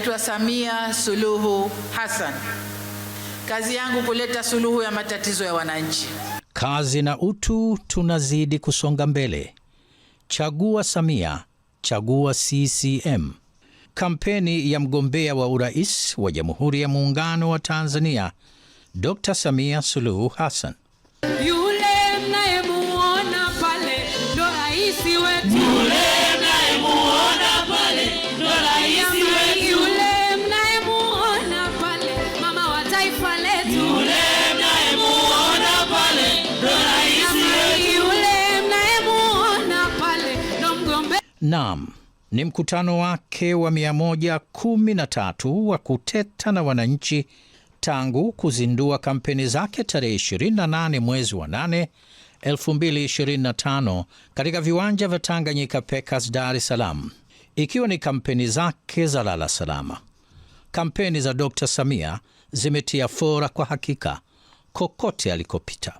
Naitwa Samia Suluhu Hassan. Kazi yangu kuleta suluhu ya matatizo ya wananchi. Kazi na utu, tunazidi kusonga mbele. Chagua Samia, chagua CCM. Kampeni ya mgombea wa urais wa Jamhuri ya Muungano wa Tanzania, Dr. Samia Suluhu Hassan. Naam, ni mkutano wake wa 113 wa kuteta na wananchi tangu kuzindua kampeni zake tarehe 28 mwezi wa 8 2025 katika viwanja vya Tanganyika Pekas, Dar es Salaam, ikiwa ni kampeni zake za lala salama. Kampeni za Dr. Samia zimetia fora kwa hakika kokote alikopita.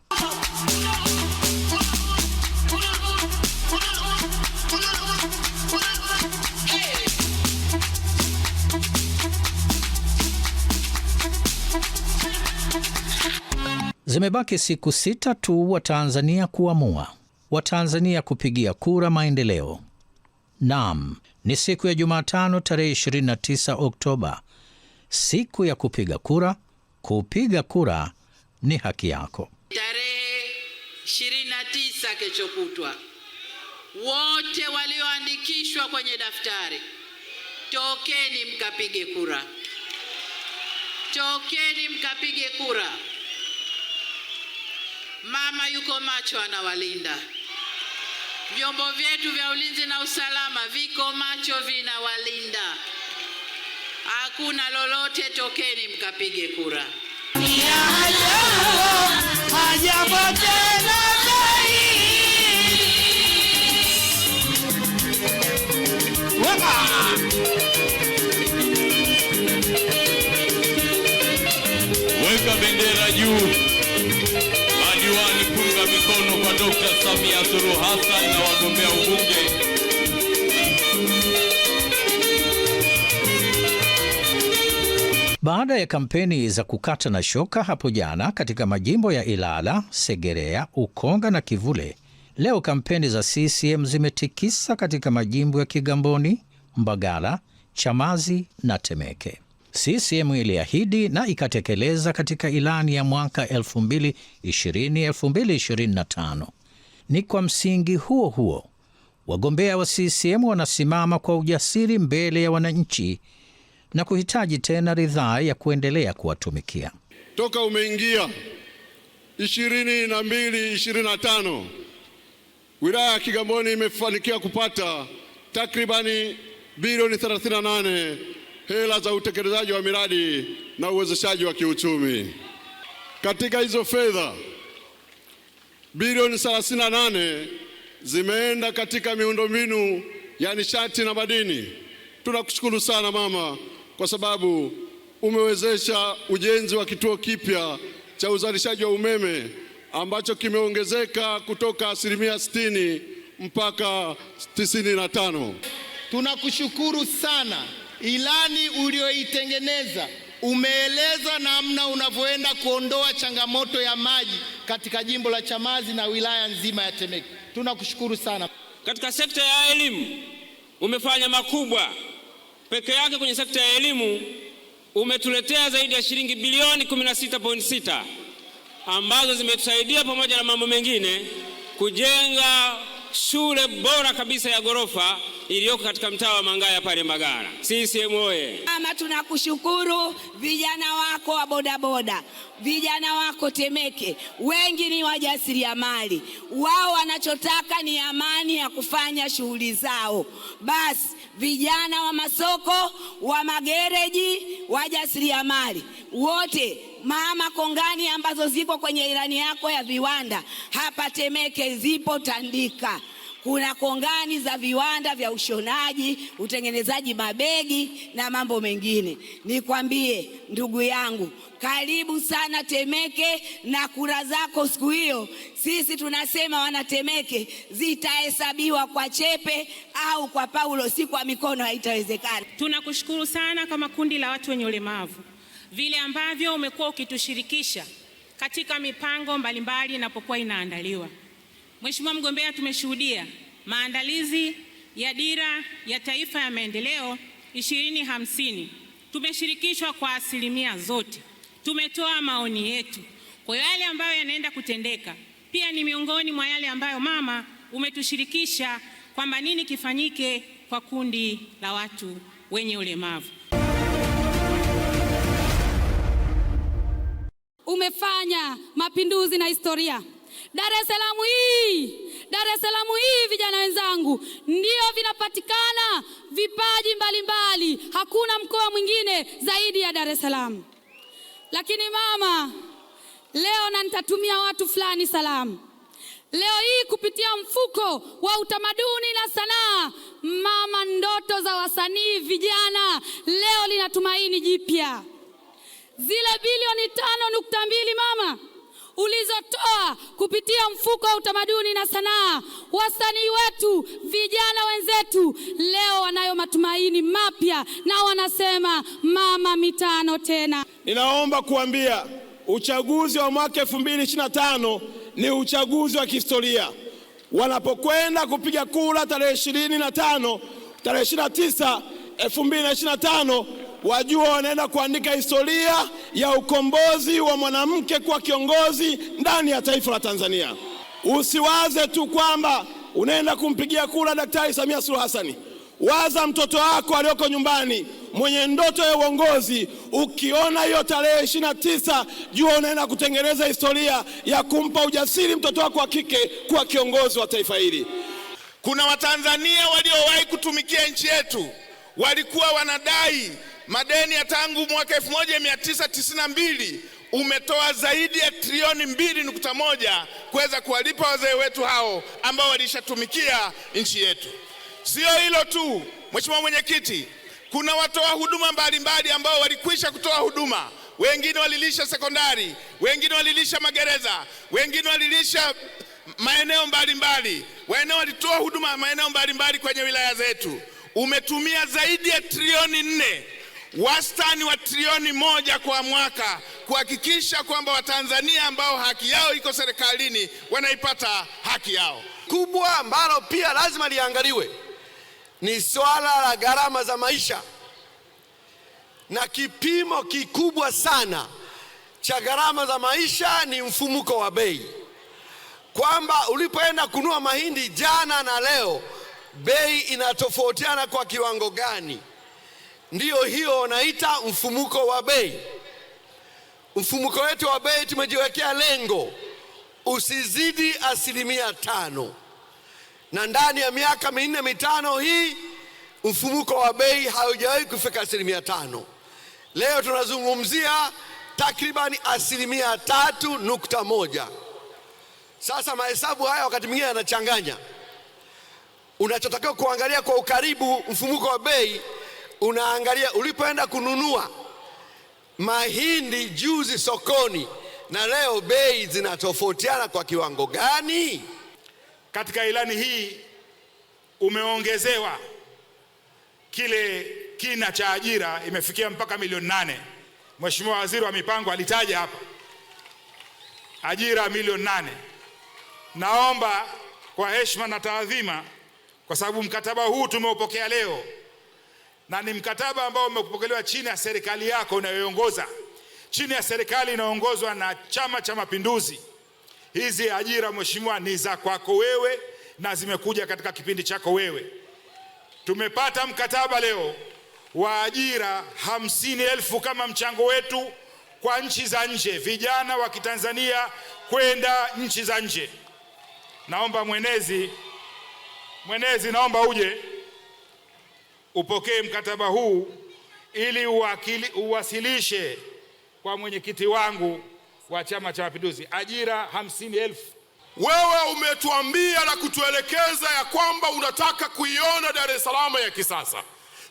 Zimebaki siku sita tu Watanzania kuamua, Watanzania kupigia kura maendeleo. nam ni siku ya Jumatano tarehe 29 Oktoba, siku ya kupiga kura. Kupiga kura ni haki yako. Tarehe 29 kesho kutwa, wote walioandikishwa kwenye daftari, tokeni mkapige kura, tokeni mkapige kura. Mama yuko macho, anawalinda. Vyombo vyetu vya ulinzi na usalama viko macho, vinawalinda. Hakuna lolote, tokeni mkapige kura. Dr. Samia Suluhu Hassan na wagombea ubunge Baada ya kampeni za kukata na shoka hapo jana katika majimbo ya Ilala, Segerea, Ukonga na Kivule, leo kampeni za CCM zimetikisa katika majimbo ya Kigamboni, Mbagala, Chamazi na Temeke. CCM iliahidi na ikatekeleza katika ilani ya mwaka 2020-2025. Ni kwa msingi huo huo wagombea wa CCM wanasimama kwa ujasiri mbele ya wananchi na kuhitaji tena ridhaa ya kuendelea kuwatumikia. Toka umeingia 22 25 wilaya ya Kigamboni imefanikiwa kupata takribani bilioni 38 hela za utekelezaji wa miradi na uwezeshaji wa kiuchumi. Katika hizo fedha bilioni 38 zimeenda katika miundombinu ya nishati na madini. Tunakushukuru sana mama, kwa sababu umewezesha ujenzi wa kituo kipya cha uzalishaji wa umeme ambacho kimeongezeka kutoka asilimia 60 mpaka 95. Tunakushukuru sana. Ilani ulioitengeneza umeeleza namna unavyoenda kuondoa changamoto ya maji katika jimbo la Chamazi na wilaya nzima ya Temeke. Tunakushukuru sana. Katika sekta ya elimu umefanya makubwa. Peke yake kwenye sekta ya elimu umetuletea zaidi ya shilingi bilioni 16.6 ambazo zimetusaidia pamoja na mambo mengine kujenga shule bora kabisa ya ghorofa iliyoko katika mtaa wa Mangaya pale Mbagala. CCM oye! Mama, tunakushukuru. Vijana wako wa bodaboda, vijana wako Temeke wengi ni wajasiriamali, wao wanachotaka ni amani ya kufanya shughuli zao. Basi vijana wa masoko, wa magereji, wajasiriamali wote mama kongani ambazo ziko kwenye ilani yako ya viwanda, hapa Temeke zipo Tandika kuna kongani za viwanda vya ushonaji, utengenezaji mabegi na mambo mengine. Nikwambie ndugu yangu, karibu sana Temeke na kura zako siku hiyo. Sisi tunasema wanatemeke, zitahesabiwa kwa chepe au kwa paulo, si kwa mikono, haitawezekana. Tunakushukuru sana kama kundi la watu wenye ulemavu vile ambavyo umekuwa ukitushirikisha katika mipango mbalimbali inapokuwa inaandaliwa. Mheshimiwa mgombea, tumeshuhudia maandalizi ya dira ya taifa ya maendeleo 2050 tumeshirikishwa kwa asilimia zote, tumetoa maoni yetu. Kwa hiyo yale ambayo yanaenda kutendeka pia ni miongoni mwa yale ambayo mama umetushirikisha kwamba nini kifanyike kwa kundi la watu wenye ulemavu. umefanya mapinduzi na historia. Dar es Salaam hii, Dar es Salaam hii, vijana wenzangu, ndio vinapatikana vipaji mbalimbali mbali. Hakuna mkoa mwingine zaidi ya Dar es Salaam. Lakini mama, leo na nitatumia watu fulani salamu leo hii kupitia mfuko wa utamaduni na sanaa, mama, ndoto za wasanii vijana leo linatumaini jipya, zile bilioni tano nukta tunatoa kupitia mfuko wa utamaduni na sanaa, wasanii wetu, vijana wenzetu leo wanayo matumaini mapya na wanasema mama mitano tena. Ninaomba kuambia uchaguzi wa mwaka 2025 ni uchaguzi wa kihistoria. Wanapokwenda kupiga kura tarehe 25, tarehe 29, tano wajua wanaenda kuandika historia ya ukombozi wa mwanamke kuwa kiongozi ndani ya taifa la Tanzania. Usiwaze tu kwamba unaenda kumpigia kura Daktari Samia Suluhu Hassan. Waza mtoto wako aliyoko nyumbani mwenye ndoto ya uongozi. Ukiona hiyo tarehe ishirini na tisa jua unaenda kutengeneza historia ya kumpa ujasiri mtoto wako wa kike kuwa kiongozi wa taifa hili. Kuna Watanzania waliowahi kutumikia nchi yetu walikuwa wanadai Madeni ya tangu mwaka elfu moja mbili umetoa zaidi ya trilioni mbili nukta moja kuweza kuwalipa wazee wetu hao ambao walishatumikia nchi yetu. Sio hilo tu, Mheshimiwa Mwenyekiti, kuna watoa huduma mbalimbali ambao walikwisha kutoa huduma wengine walilisha sekondari, wengine walilisha magereza, wengine walilisha maeneo mbalimbali, wengine walitoa huduma maeneo mbalimbali kwenye wilaya zetu. Umetumia zaidi ya trilioni nne wastani wa trilioni moja kwa mwaka kuhakikisha kwamba Watanzania ambao haki yao iko serikalini wanaipata haki yao. Kubwa ambalo pia lazima liangaliwe ni swala la gharama za maisha, na kipimo kikubwa sana cha gharama za maisha ni mfumuko wa bei, kwamba ulipoenda kununua mahindi jana na leo bei inatofautiana kwa kiwango gani? ndiyo hiyo wanaita mfumuko wa bei. Mfumuko wetu wa bei tumejiwekea lengo usizidi asilimia tano, na ndani ya miaka minne mitano hii mfumuko wa bei haujawahi kufika asilimia tano. Leo tunazungumzia takribani asilimia tatu nukta moja. Sasa mahesabu haya wakati mwingine yanachanganya. Unachotakiwa kuangalia kwa ukaribu mfumuko wa bei unaangalia ulipoenda kununua mahindi juzi sokoni na leo bei zinatofautiana kwa kiwango gani? Katika ilani hii umeongezewa kile kina cha ajira, imefikia mpaka milioni nane. Mheshimiwa Waziri wa Mipango alitaja hapa ajira milioni nane. Naomba kwa heshima na taadhima, kwa sababu mkataba huu tumeupokea leo na ni mkataba ambao umepokelewa chini ya serikali yako unayoongoza, chini ya serikali inayoongozwa na Chama cha Mapinduzi. Hizi ajira mheshimiwa, ni za kwako wewe na zimekuja katika kipindi chako wewe. Tumepata mkataba leo wa ajira hamsini elfu kama mchango wetu kwa nchi za nje, vijana wa Kitanzania kwenda nchi za nje. Naomba mwenezi, mwenezi, naomba uje upokee mkataba huu ili uwakili, uwasilishe kwa mwenyekiti wangu wa Chama cha Mapinduzi ajira hamsini elfu. Wewe umetuambia na kutuelekeza ya kwamba unataka kuiona Dar es Salaam ya kisasa.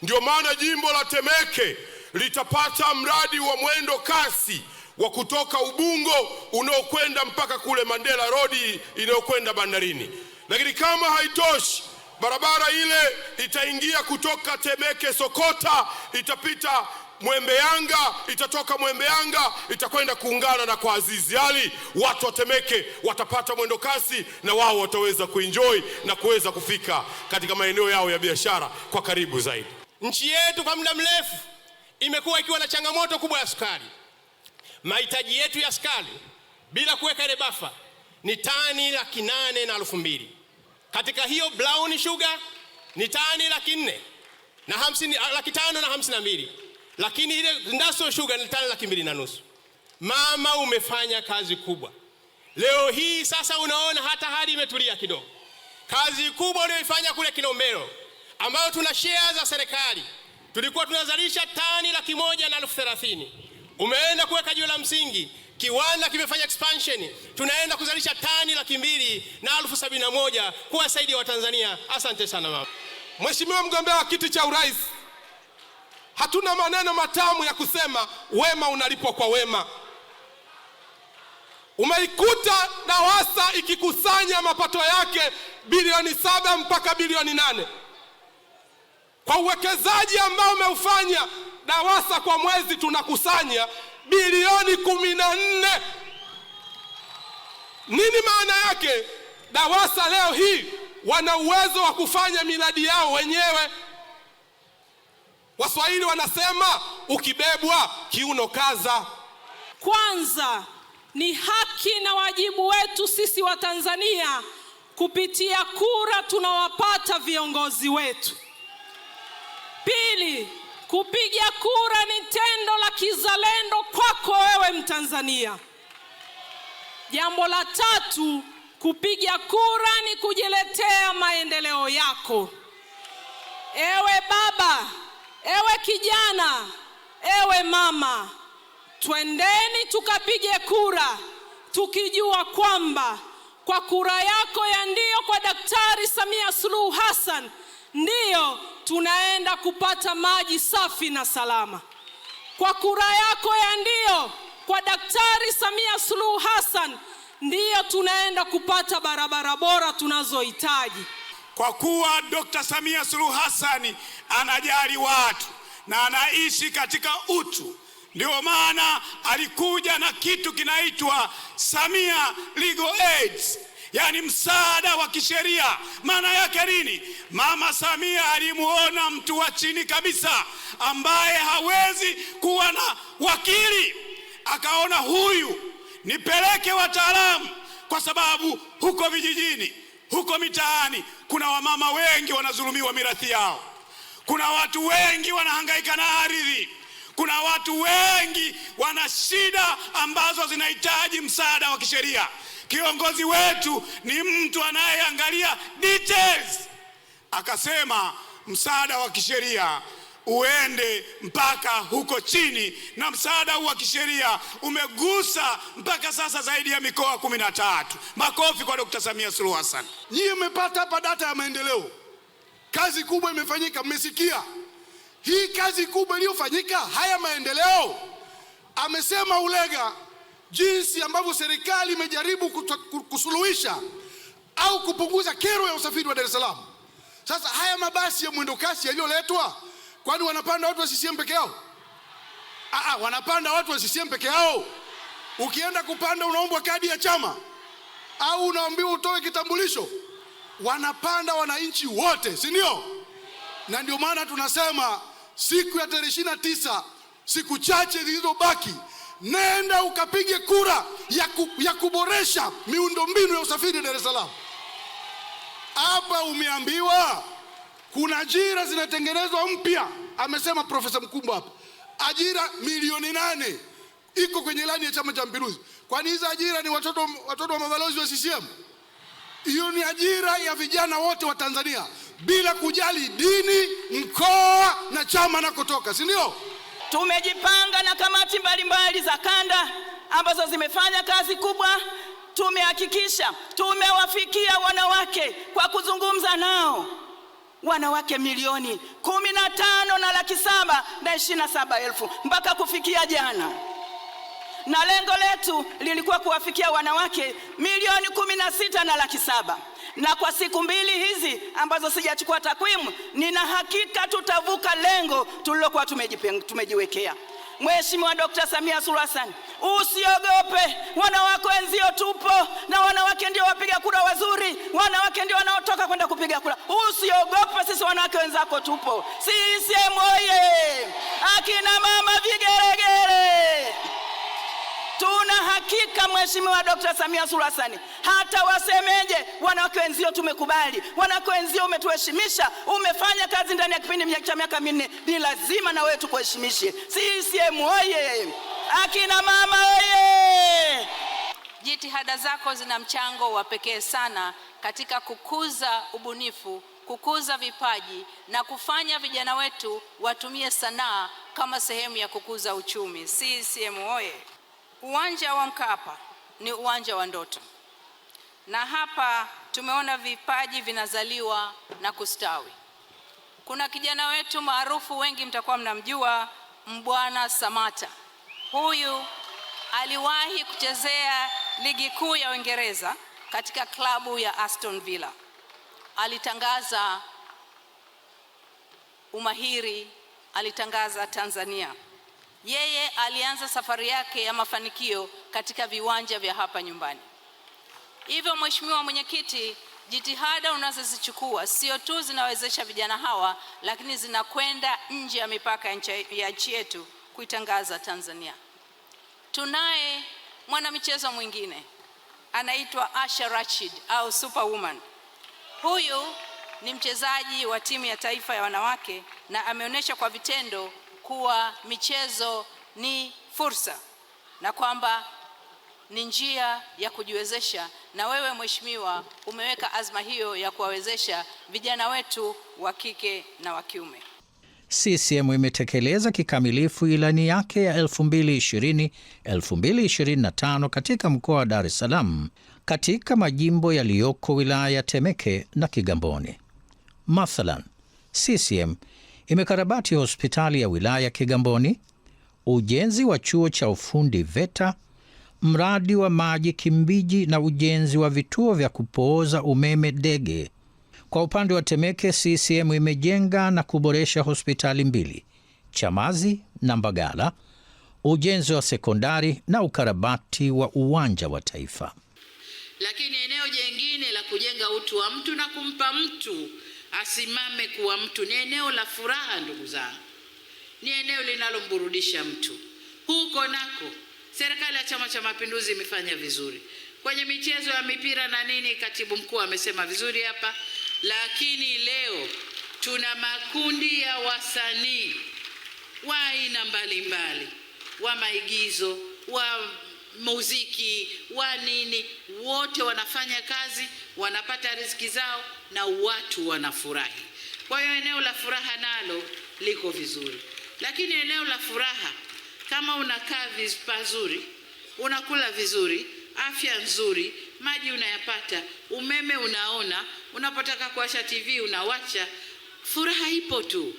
Ndio maana jimbo la Temeke litapata mradi wa mwendo kasi wa kutoka Ubungo unaokwenda mpaka kule Mandela Road inayokwenda bandarini. Lakini kama haitoshi Barabara ile itaingia kutoka Temeke Sokota, itapita mwembe Yanga, itatoka mwembe Yanga itakwenda kuungana na kwa Azizi Ali. Watu wa Temeke watapata mwendo kasi na wao wataweza kuenjoy na kuweza kufika katika maeneo yao ya biashara kwa karibu zaidi. Nchi yetu kwa muda mrefu imekuwa ikiwa na changamoto kubwa ya sukari. Mahitaji yetu ya sukari bila kuweka ile bafa ni tani laki nane na elfu mbili katika hiyo brown sugar ni tani laki nne na hamsini, ah, laki tano na hamsini na mbili, lakini ile industrial sugar ni tani laki mbili na nusu. Mama, umefanya kazi kubwa. Leo hii sasa unaona hata hali imetulia kidogo. Kazi kubwa uliyoifanya kule Kilombero ambayo tuna share za serikali, tulikuwa tunazalisha tani laki moja na elfu thelathini umeenda kuweka jiwe la msingi Kiwanda kimefanya expansion, tunaenda kuzalisha tani laki mbili na elfu sabini na moja kuwasaidia Watanzania. Asante sana mama. Mheshimiwa mgombea wa kiti cha urais, hatuna maneno matamu ya kusema, wema unalipwa kwa wema. Umeikuta DAWASA ikikusanya mapato yake bilioni saba mpaka bilioni nane kwa uwekezaji ambao umeufanya DAWASA kwa mwezi tunakusanya bilioni kumi na nne. Nini maana yake? DAWASA leo hii wana uwezo wa kufanya miradi yao wenyewe. Waswahili wanasema ukibebwa kiuno kaza. Kwanza ni haki na wajibu wetu sisi wa tanzania kupitia kura tunawapata viongozi wetu. Pili, Kupiga kura ni tendo la kizalendo kwako wewe Mtanzania. Jambo la tatu, kupiga kura ni kujiletea maendeleo yako. Ewe baba, ewe kijana, ewe mama, twendeni tukapige kura tukijua kwamba kwa kura yako ya ndio kwa Daktari Samia Suluhu Hassan ndiyo tunaenda kupata maji safi na salama. Kwa kura yako ya ndio kwa Daktari Samia Suluhu Hassan, ndiyo tunaenda kupata barabara bora tunazohitaji. Kwa kuwa Dr. Samia Suluhu Hassan anajali watu na anaishi katika utu, ndio maana alikuja na kitu kinaitwa Samia Legal aids yani msaada wa kisheria. Maana yake nini? Mama Samia alimuona mtu wa chini kabisa ambaye hawezi kuwa na wakili, akaona huyu nipeleke wataalamu, kwa sababu huko vijijini, huko mitaani kuna wamama wengi wanadhulumiwa mirathi yao, kuna watu wengi wanahangaika na ardhi kuna watu wengi wana shida ambazo zinahitaji msaada wa kisheria. Kiongozi wetu ni mtu anayeangalia details, akasema msaada wa kisheria uende mpaka huko chini, na msaada huu wa kisheria umegusa mpaka sasa zaidi ya mikoa kumi na tatu. Makofi kwa Dkt. Samia Suluhu Hassan. nyiye mmepata hapa data ya maendeleo, kazi kubwa imefanyika, mmesikia hii kazi kubwa iliyofanyika, haya maendeleo. Amesema Ulega jinsi ambavyo serikali imejaribu kusuluhisha au kupunguza kero ya usafiri wa Dar es Salaam. Sasa haya mabasi ya mwendokasi yaliyoletwa, kwani wanapanda watu wa CCM peke yao? ah, wanapanda watu wa CCM peke yao? Ukienda kupanda unaombwa kadi ya chama au unaambiwa utoe kitambulisho? Wanapanda wananchi wote, si ndio? Na ndio maana tunasema siku ya tarehe ishirini na tisa, siku chache zilizobaki, nenda ukapige kura ya, ku, ya kuboresha miundombinu ya usafiri Dar es Salaam. Hapa umeambiwa kuna ajira zinatengenezwa mpya, amesema Profesa Mkumbo hapa, ajira milioni nane iko kwenye ilani ya Chama cha Mapinduzi. Kwani hizo ajira ni watoto, watoto wa mabalozi wa CCM? Hiyo ni ajira ya vijana wote wa Tanzania bila kujali dini, mkoa na chama nakotoka, si ndio? Tumejipanga na kamati mbalimbali za kanda ambazo zimefanya kazi kubwa. Tumehakikisha tumewafikia wanawake kwa kuzungumza nao, wanawake milioni kumi na tano na laki saba na ishirini na saba elfu mpaka kufikia jana na lengo letu lilikuwa kuwafikia wanawake milioni kumi na sita na laki saba na kwa siku mbili hizi ambazo sijachukua takwimu, nina hakika tutavuka lengo tulilokuwa tumejiwekea. Mheshimiwa Dkt. Samia Suluhu Hassan, usiogope, wanawake wenzio tupo, na wanawake ndio wapiga kura wazuri, wanawake ndio wanaotoka kwenda kupiga kura. Usiogope, sisi wanawake wenzako tupo. CCM oye! Akina mama vigeregere! Tuna hakika Mheshimiwa Dkt. Samia Suluhu Hassan, hata wasemeje wanawake wenzio, tumekubali wanawake wenzio, umetuheshimisha, umefanya kazi ndani ya kipindi cha miaka minne, ni lazima na wewe tukuheshimishe. CCM oye! Akina mama oye! Jitihada zako zina mchango wa pekee sana katika kukuza ubunifu, kukuza vipaji na kufanya vijana wetu watumie sanaa kama sehemu ya kukuza uchumi. CCM oye! Uwanja wa Mkapa ni uwanja wa ndoto, na hapa tumeona vipaji vinazaliwa na kustawi. Kuna kijana wetu maarufu, wengi mtakuwa mnamjua, Mbwana Samata. Huyu aliwahi kuchezea ligi kuu ya Uingereza katika klabu ya Aston Villa. Alitangaza umahiri, alitangaza Tanzania. Yeye alianza safari yake ya mafanikio katika viwanja vya hapa nyumbani. Hivyo Mheshimiwa Mwenyekiti, jitihada unazozichukua sio tu zinawezesha vijana hawa, lakini zinakwenda nje ya mipaka ya nchi yetu kuitangaza Tanzania. Tunaye mwanamichezo mwingine anaitwa Asha Rashid au Superwoman. Huyu ni mchezaji wa timu ya taifa ya wanawake na ameonyesha kwa vitendo kuwa michezo ni fursa na kwamba ni njia ya kujiwezesha, na wewe mheshimiwa umeweka azma hiyo ya kuwawezesha vijana wetu wa kike na wa kiume. CCM imetekeleza kikamilifu ilani yake ya 2020 2025 katika mkoa wa Dar es Salaam katika majimbo yaliyoko wilaya ya Temeke na Kigamboni. Mathalan, CCM imekarabati hospitali ya wilaya Kigamboni, ujenzi wa chuo cha ufundi VETA, mradi wa maji Kimbiji na ujenzi wa vituo vya kupooza umeme Dege. Kwa upande wa Temeke, CCM imejenga na kuboresha hospitali mbili, Chamazi na Mbagala, ujenzi wa sekondari na ukarabati wa uwanja wa Taifa. Lakini eneo jengine la kujenga utu wa mtu na kumpa mtu asimame kuwa mtu. Ni eneo la furaha, ndugu zangu, ni eneo linalomburudisha mtu. Huko nako serikali ya Chama cha Mapinduzi imefanya vizuri kwenye michezo ya mipira na nini, katibu mkuu amesema vizuri hapa. Lakini leo tuna makundi ya wasanii wa aina mbalimbali wa maigizo wa muziki wa nini, wote wanafanya kazi, wanapata riziki zao na watu wanafurahi. Kwa hiyo eneo la furaha nalo liko vizuri, lakini eneo la furaha kama unakaa pazuri, unakula vizuri, afya nzuri, maji unayapata, umeme unaona, unapotaka kuwasha TV unawacha, furaha ipo tu,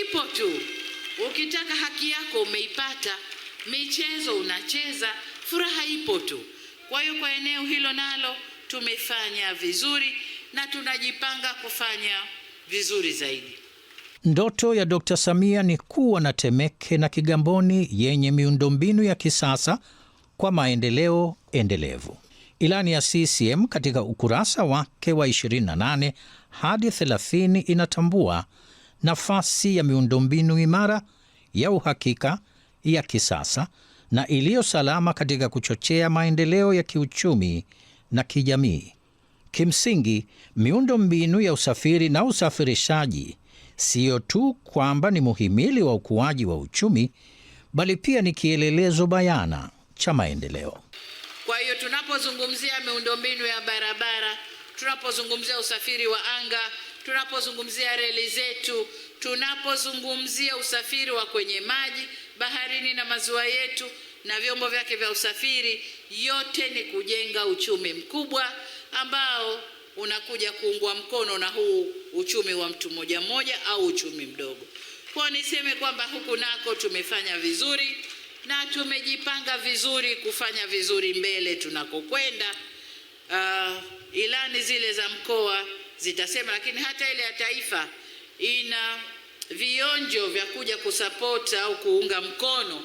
ipo tu. Ukitaka haki yako umeipata michezo unacheza, furaha ipo tu. Kwa hiyo kwa eneo hilo nalo tumefanya vizuri na tunajipanga kufanya vizuri zaidi. Ndoto ya Dr. Samia ni kuwa na Temeke na Kigamboni yenye miundombinu ya kisasa kwa maendeleo endelevu. Ilani ya CCM katika ukurasa wake wa 28 hadi 30 inatambua nafasi ya miundombinu imara ya uhakika ya kisasa na iliyo salama katika kuchochea maendeleo ya kiuchumi na kijamii. Kimsingi, miundo mbinu ya usafiri na usafirishaji siyo tu kwamba ni muhimili wa ukuaji wa uchumi, bali pia ni kielelezo bayana cha maendeleo. Kwa hiyo tunapozungumzia miundombinu ya barabara, tunapozungumzia usafiri wa anga, tunapozungumzia reli zetu, tunapozungumzia usafiri wa kwenye maji, baharini na maziwa yetu na vyombo vyake vya usafiri, yote ni kujenga uchumi mkubwa ambao unakuja kuungwa mkono na huu uchumi wa mtu mmoja mmoja au uchumi mdogo. Kwa niseme kwamba huku nako tumefanya vizuri na tumejipanga vizuri kufanya vizuri mbele tunakokwenda. Uh, ilani zile za mkoa zitasema, lakini hata ile ya taifa ina vionjo vya kuja kusapoti au kuunga mkono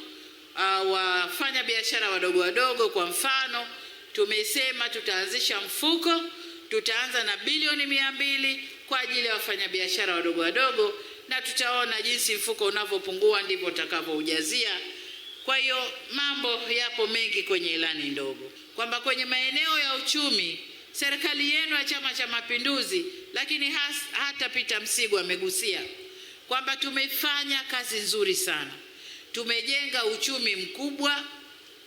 uh, wafanya biashara wadogo wadogo. Kwa mfano, tumesema tutaanzisha mfuko, tutaanza na bilioni mia mbili kwa ajili ya wafanyabiashara wadogo wadogo, na tutaona jinsi mfuko unavyopungua ndivyo utakavyoujazia. Kwa hiyo mambo yapo mengi kwenye ilani ndogo, kwamba kwenye maeneo ya uchumi serikali yenu ya Chama cha Mapinduzi lakini has, hata Peter Msigwa amegusia kwamba tumefanya kazi nzuri sana, tumejenga uchumi mkubwa,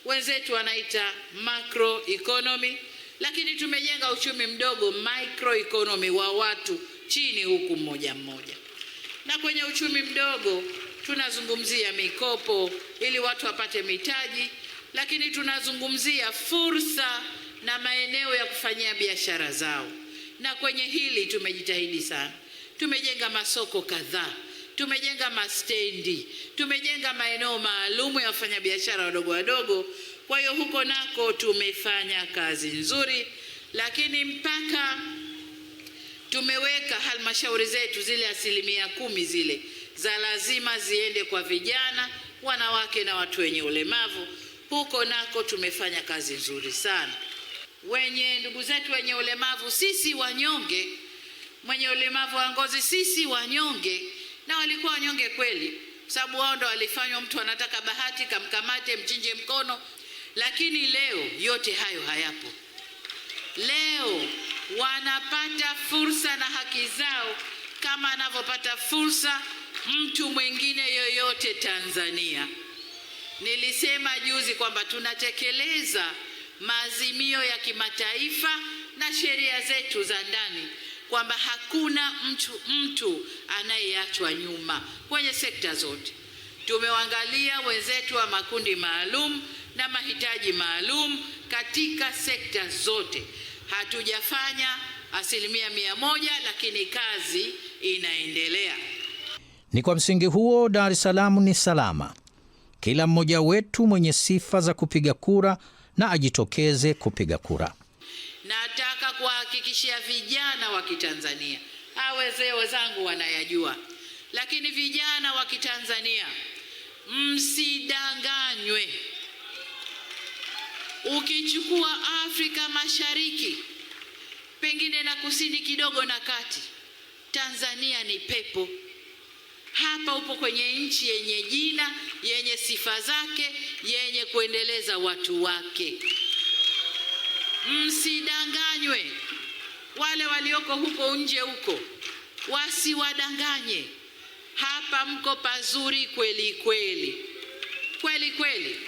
wenzetu wanaita macro economy, lakini tumejenga uchumi mdogo micro economy wa watu chini huku mmoja mmoja, na kwenye uchumi mdogo tunazungumzia mikopo ili watu wapate mitaji, lakini tunazungumzia fursa na maeneo ya kufanyia biashara zao na kwenye hili tumejitahidi sana. Tumejenga masoko kadhaa, tumejenga mastendi, tumejenga maeneo maalumu ya wafanyabiashara wadogo wadogo. Kwa hiyo huko nako tumefanya kazi nzuri, lakini mpaka tumeweka halmashauri zetu zile asilimia kumi zile za lazima ziende kwa vijana, wanawake na watu wenye ulemavu. Huko nako tumefanya kazi nzuri sana wenye ndugu zetu wenye ulemavu, sisi wanyonge, mwenye ulemavu wa ngozi, sisi wanyonge. Na walikuwa wanyonge kweli, sababu wao ndo walifanywa, mtu anataka bahati kamkamate, mchinje mkono. Lakini leo yote hayo hayapo. Leo wanapata fursa na haki zao kama anavyopata fursa mtu mwingine yoyote Tanzania. Nilisema juzi kwamba tunatekeleza maazimio ya kimataifa na sheria zetu za ndani kwamba hakuna mtu mtu anayeachwa nyuma kwenye sekta zote. Tumewaangalia wenzetu wa makundi maalum na mahitaji maalum katika sekta zote. Hatujafanya asilimia mia moja, lakini kazi inaendelea. Ni kwa msingi huo Dar es Salaam ni salama. Kila mmoja wetu mwenye sifa za kupiga kura na ajitokeze kupiga kura. Nataka kuwahakikishia vijana wa Kitanzania, awezee wenzangu wanayajua, lakini vijana wa Kitanzania msidanganywe. Ukichukua Afrika Mashariki pengine na kusini kidogo na kati, Tanzania ni pepo. Hapa upo kwenye nchi yenye jina yenye sifa zake, yenye kuendeleza watu wake. Msidanganywe, wale walioko huko nje huko wasiwadanganye. Hapa mko pazuri kweli kweli kweli kweli.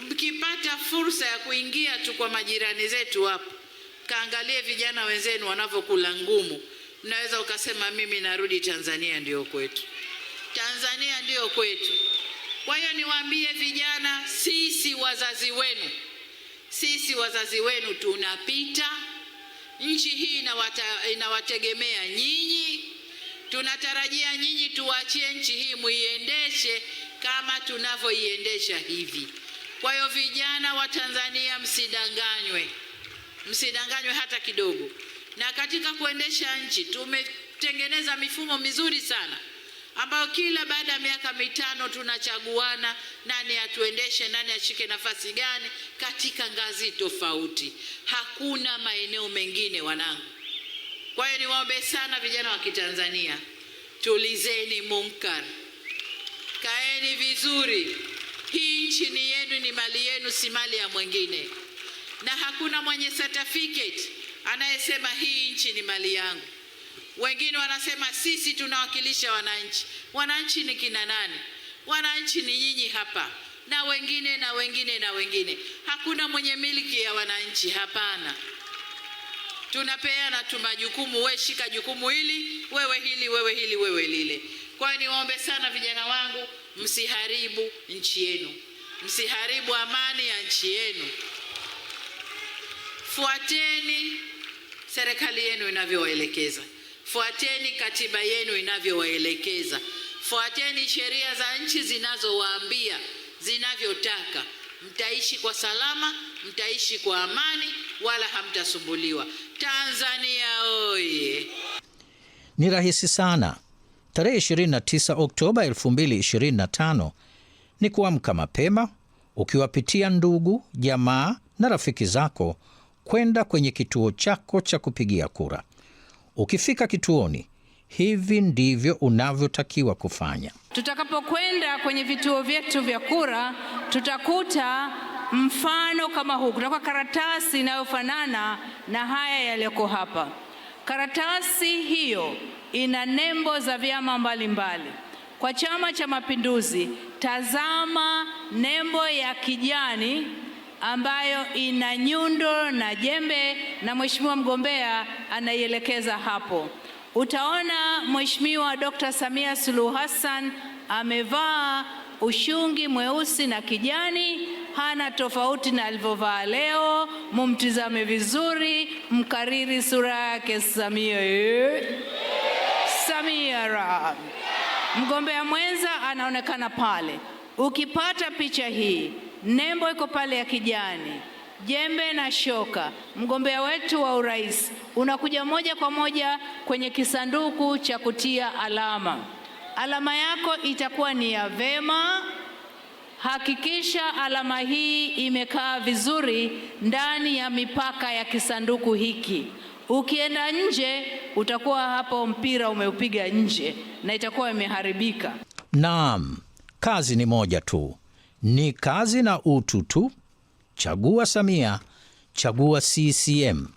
Mkipata fursa ya kuingia tu kwa majirani zetu hapo, kaangalie vijana wenzenu wanavyokula ngumu, mnaweza ukasema mimi narudi Tanzania, ndio kwetu. Tanzania ndiyo kwetu. Kwa hiyo niwaambie vijana, sisi wazazi wenu, sisi wazazi wenu tunapita. Nchi hii inawata, inawategemea nyinyi. Tunatarajia nyinyi tuwachie nchi hii muiendeshe kama tunavyoiendesha hivi. Kwa hiyo vijana wa Tanzania, msidanganywe, msidanganywe hata kidogo. Na katika kuendesha nchi tumetengeneza mifumo mizuri sana ambayo kila baada ya miaka mitano tunachaguana nani atuendeshe, nani ashike nafasi gani katika ngazi tofauti. Hakuna maeneo mengine wanangu. Kwa hiyo niwaombe sana vijana wa Kitanzania, tulizeni munkar, kaeni vizuri. Hii nchi ni yenu, ni mali yenu, si mali ya mwingine, na hakuna mwenye certificate anayesema hii nchi ni mali yangu. Wengine wanasema sisi tunawakilisha wananchi. Wananchi ni kina nani? Wananchi ni nyinyi hapa na wengine na wengine na wengine. Hakuna mwenye miliki ya wananchi, hapana. Tunapeana tu majukumu, we shika jukumu hili, wewe hili, wewe hili, wewe lile. Kwa hiyo niwaombe sana vijana wangu, msiharibu nchi yenu, msiharibu amani ya nchi yenu. Fuateni serikali yenu inavyoelekeza fuateni katiba yenu inavyowaelekeza, fuateni sheria za nchi zinazowaambia zinavyotaka, mtaishi kwa salama, mtaishi kwa amani, wala hamtasumbuliwa. Tanzania oye! Ni rahisi sana. Tarehe 29 Oktoba 2025 ni kuamka mapema ukiwapitia ndugu, jamaa na rafiki zako kwenda kwenye kituo chako cha kupigia kura. Ukifika kituoni, hivi ndivyo unavyotakiwa kufanya. Tutakapokwenda kwenye vituo vyetu vya kura, tutakuta mfano kama huu. Kutakuwa karatasi inayofanana na haya yaliyoko hapa. Karatasi hiyo ina nembo za vyama mbalimbali mbali. Kwa Chama cha Mapinduzi, tazama nembo ya kijani ambayo ina nyundo na jembe na mheshimiwa mgombea anaielekeza hapo. Utaona Mheshimiwa Dr. Samia Suluhu Hassan amevaa ushungi mweusi na kijani, hana tofauti na alivyovaa leo. Mumtizame vizuri, mkariri sura yake Samia. Eh? Samia ra mgombea mwenza anaonekana pale. Ukipata picha hii nembo iko pale ya kijani, jembe na shoka. Mgombea wetu wa urais unakuja moja kwa moja kwenye kisanduku cha kutia alama. Alama yako itakuwa ni ya vema. Hakikisha alama hii imekaa vizuri ndani ya mipaka ya kisanduku hiki. Ukienda nje, utakuwa hapo mpira umeupiga nje na itakuwa imeharibika. Naam, kazi ni moja tu ni kazi na utu tu. Chagua Samia, chagua CCM.